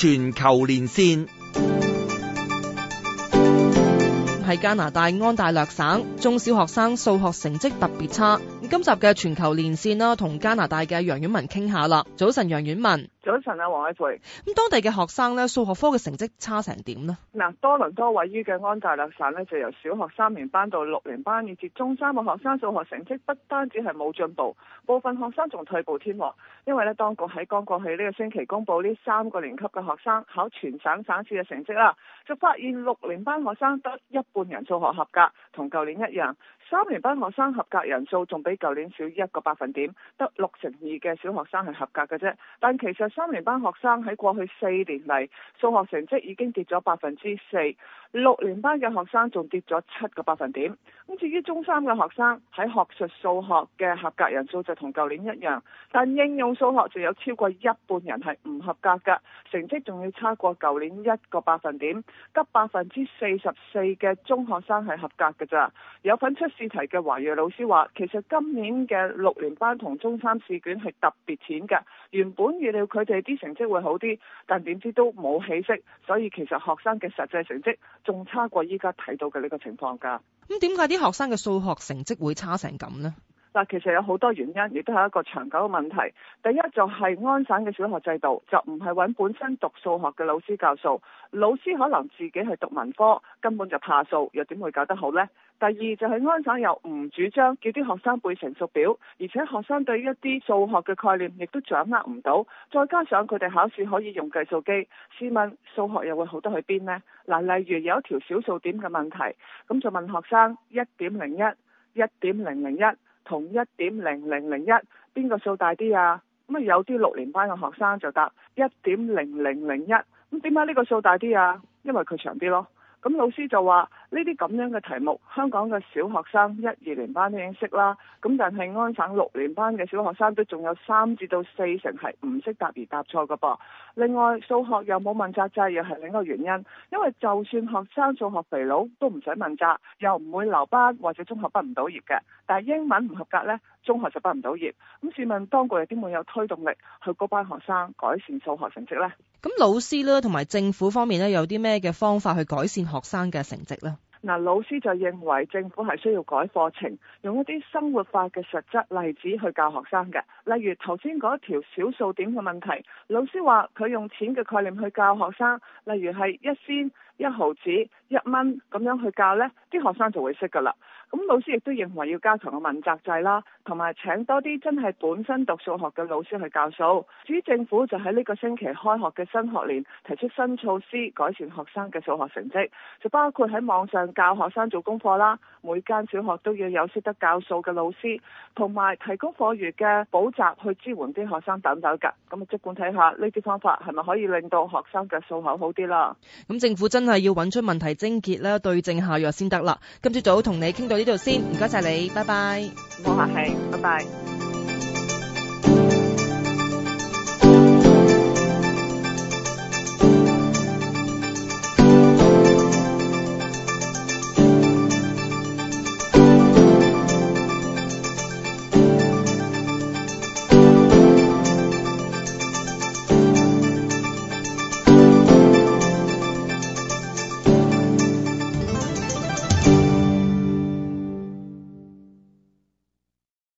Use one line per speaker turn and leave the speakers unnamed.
全球，連線。喺加拿大安大略省，中小學生數學成績特別差。今集嘅全球連線啦，同加拿大嘅楊婉文傾下啦。早晨，楊婉文。
早晨啊，王慧蓓。咁
當地嘅學生呢，數學科嘅成績差成點呢？
嗱，多倫多位於嘅安大略省呢，就由小學三年班到六年班，以至中三嘅學生數學成績不單止係冇進步，部分學生仲退步添。因為呢，當局喺剛過去呢個星期公佈呢三個年級嘅學生考全省省試嘅成績啦，就發現六年班學生得一半人數學合格，同舊年一樣；三年班學生合格人數仲比舊年少一個百分點，得六成二嘅小學生係合格嘅啫。但其實，三年班學生喺過去四年嚟數學成績已經跌咗百分之四，六年班嘅學生仲跌咗七個百分點。咁至於中三嘅學生喺學術數學嘅合格人數就同舊年一樣，但應用數學就有超過一半人係唔合格㗎，成績仲要差過舊年一個百分點，得百分之四十四嘅中學生係合格㗎咋。有份出試題嘅華裔老師話，其實今年嘅六年班同中三試卷係特別淺嘅，原本預料佢哋啲成績會好啲，但點知都冇起色，所以其實學生嘅實際成績仲差過依家睇到嘅呢個情況噶。咁
點解啲學生嘅數學成績會差成咁咧？
其實有好多原因，亦都係一個長久嘅問題。第一就係安省嘅小學制度，就唔係揾本身讀數學嘅老師教數，老師可能自己係讀文科，根本就怕數，又點會教得好呢？第二就係安省又唔主張叫啲學生背乘數表，而且學生對於一啲數學嘅概念亦都掌握唔到，再加上佢哋考試可以用計數機，試問數學又會好得去邊呢？嗱，例如有一條小數點嘅問題，咁就問學生一點零一、一點零零一。1> 同一點零零零一，邊個數大啲啊？咁啊有啲六年班嘅學生就答一點零零零一，咁點解呢個數大啲啊？因為佢長啲咯。咁老師就話。呢啲咁樣嘅題目，香港嘅小學生一二年班都已經識啦，咁但係安省六年班嘅小學生都仲有三至到四成係唔識答而答錯㗎噃。另外數學又冇問責制，又係另一個原因，因為就算學生數學肥佬都唔使問責，又唔會留班或者中學畢唔到業嘅。但係英文唔合格呢，中學就畢唔到業。咁試問當局又點會有推動力去嗰班學生改善數學成績呢？
咁老師咧同埋政府方面咧有啲咩嘅方法去改善學生嘅成績呢？
嗱，老師就認為政府係需要改課程，用一啲生活化嘅實質例子去教學生嘅。例如頭先嗰條小數點嘅問題，老師話佢用錢嘅概念去教學生，例如係一仙、一毫子、一蚊咁樣去教，呢啲學生就會識㗎啦。咁老師亦都認為要加強個問責制啦，同埋請多啲真係本身讀數學嘅老師去教數。至於政府就喺呢個星期開學嘅新學年提出新措施改善學生嘅數學成績，就包括喺網上教學生做功課啦，每間小學都要有識得教數嘅老師，同埋提供課餘嘅補習去支援啲學生等等㗎。咁啊，即管睇下呢啲方法係咪可以令到學生嘅數口好啲啦。
咁政府真係要揾出問題症結啦，對症下藥先得啦。今朝早同你傾到呢度先，唔該晒你，拜拜。冇客氣，拜拜。